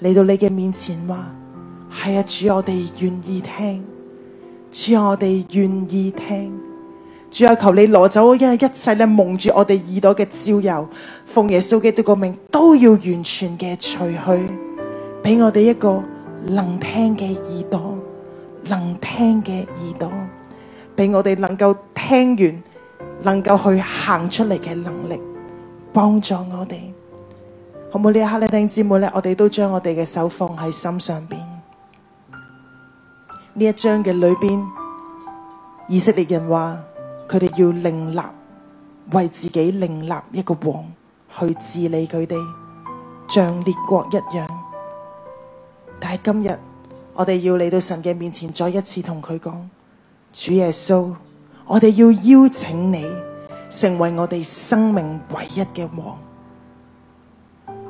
嚟到你嘅面前，話：「係啊，主，我哋願意聽。」，主，我哋願意聽。主要求你挪走一切蒙住我哋耳朵嘅招油，奉耶穌基督嘅名，都要完全嘅除去，俾我哋一個能聽嘅耳朵，能聽嘅耳朵，俾我哋能夠聽完，能夠去行出嚟嘅能力，幫助我哋好冇？呢一刻呢，弟兄姊妹咧，我哋都將我哋嘅手放喺心上邊，呢一章嘅裏邊，以色列人話。佢哋要另立，為自己另立一個王去治理佢哋，像列國一樣。但係今日，我哋要嚟到神嘅面前，再一次同佢講，主耶穌，我哋要邀請你成為我哋生命唯一嘅王。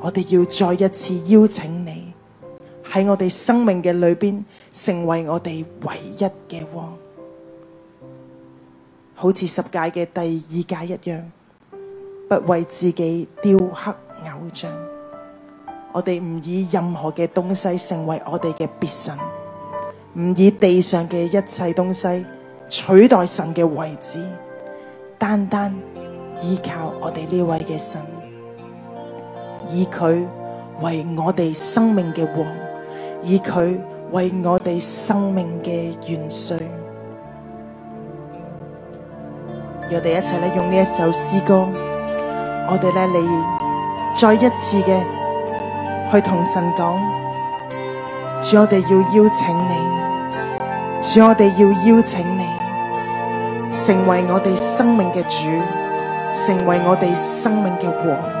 我哋要再一次邀請你喺我哋生命嘅裏邊，成為我哋唯一嘅王。好似十誡嘅第二誡一樣，不為自己雕刻偶像，我哋唔以任何嘅東西成為我哋嘅別神，唔以地上嘅一切東西取代神嘅位置，單單依靠我哋呢位嘅神，以佢為我哋生命嘅王，以佢為我哋生命嘅元帥。我哋一齊咧，用呢一首詩歌，我哋咧嚟再一次嘅去同神講，主，我哋要邀請你，主，我哋要邀請你，成為我哋生命嘅主，成為我哋生命嘅王。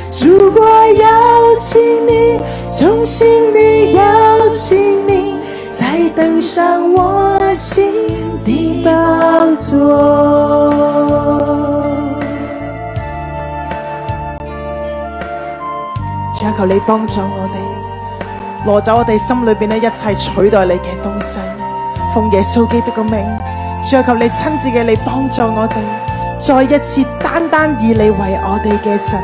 如果邀請你，重新地邀請你，再登上我心的寶座。主啊，求你幫助我哋，
攞走我哋心裏邊一切取代你嘅東西。奉耶穌基督嘅名，主啊，求你親自嘅你幫助我哋，再一次單單以你為我哋嘅神。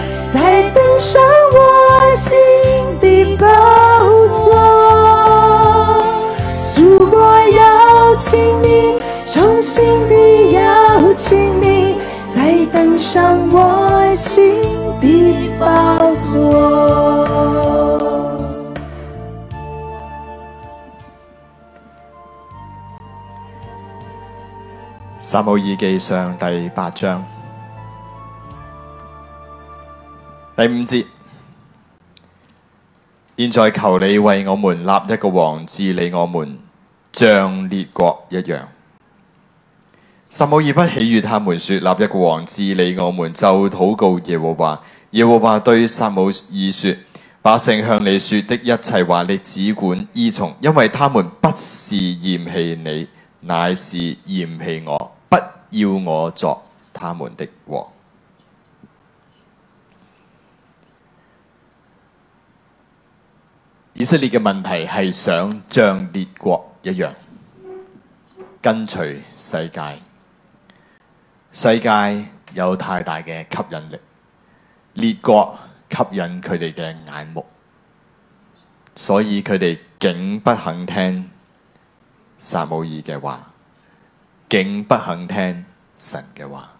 再登上我心的寶座，祖國邀請你，重新的邀請你，再登上我心的寶座。
撒母耳記上第八章。第五節，現在求你為我們立一個王治理我們，像列國一樣。撒母耳不喜悅他們說立一個王治理我們，就禱告耶和華。耶和華對撒母耳說：百姓向你說的一切話，你只管依從，因為他們不是厭棄你，乃是厭棄我，不要我作他們的王。以色列嘅問題係想像列國一樣跟隨世界，世界有太大嘅吸引力，列國吸引佢哋嘅眼目，所以佢哋竟不肯聽撒母耳嘅話，竟不肯聽神嘅話。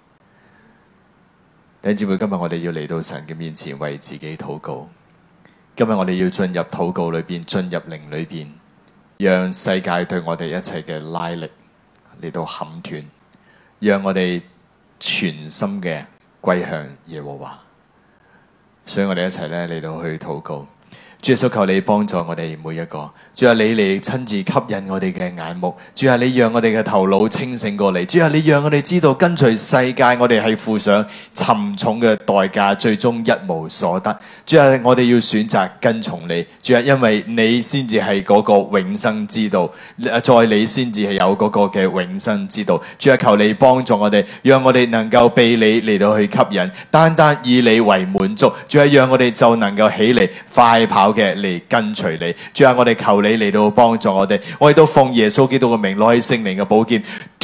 弟兄姊妹，今日我哋要嚟到神嘅面前，為自己禱告。今日我哋要進入禱告裏邊，進入靈裏邊，讓世界對我哋一切嘅拉力嚟到砍斷，讓我哋全心嘅歸向耶和華。所以我哋一齊咧嚟到去禱告。主啊，求你幫助我哋每一個。主啊，你嚟親自吸引我哋嘅眼目。主啊，你讓我哋嘅頭腦清醒過嚟。主啊，你讓我哋知道跟隨世界，我哋係付上沉重嘅代價，最終一無所得。主啊，我哋要選擇跟從你。主啊，因為你先至係嗰個永生之道，在你先至係有嗰個嘅永生之道。主啊，求你幫助我哋，讓我哋能夠被你嚟到去吸引，單單以你為滿足。主啊，讓我哋就能夠起嚟快跑。嘅嚟、okay，跟隨你，最後我哋求你嚟到幫助我哋，我哋都奉耶穌基督嘅名，攞起聖靈嘅寶劍。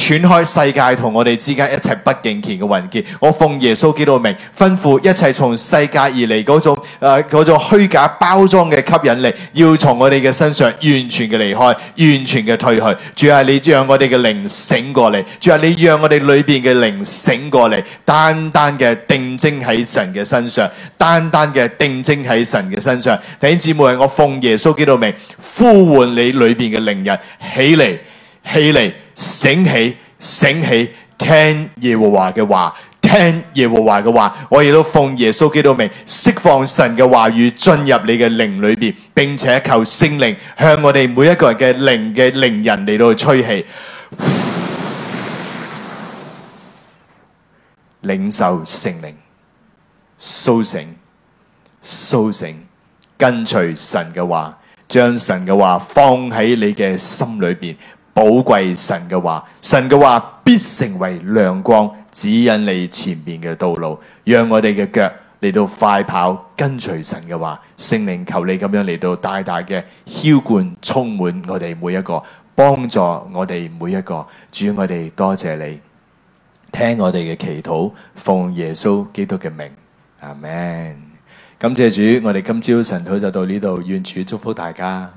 斷開世界同我哋之間一切不敬虔嘅魂結，我奉耶穌基督名吩咐一切從世界而嚟嗰種誒嗰種虛假包裝嘅吸引力，要從我哋嘅身上完全嘅離開，完全嘅退去。主啊，你讓我哋嘅靈醒過嚟，主啊，你讓我哋裏邊嘅靈醒過嚟，單單嘅定睛喺神嘅身上，單單嘅定睛喺神嘅身上。弟兄姊妹，我奉耶穌基督名呼喚你裏邊嘅靈人起嚟，起嚟。醒起，醒起，聽耶和華嘅話，聽耶和華嘅話。我亦都奉耶穌基督名，釋放神嘅話語進入你嘅靈裏邊，並且求聖靈向我哋每一個人嘅靈嘅靈人嚟到來吹氣，領受聖靈，蘇醒，蘇醒，跟隨神嘅話，將神嘅話放喺你嘅心裏邊。寶貴神嘅話，神嘅話必成為亮光，指引你前面嘅道路，讓我哋嘅腳嚟到快跑，跟隨神嘅話。聖靈求你咁樣嚟到大大嘅澆灌，充滿我哋每一個，幫助我哋每一個。主我哋多謝你，聽我哋嘅祈禱，奉耶穌基督嘅名，阿門。感謝主，我哋今朝神討就到呢度，願主祝福大家。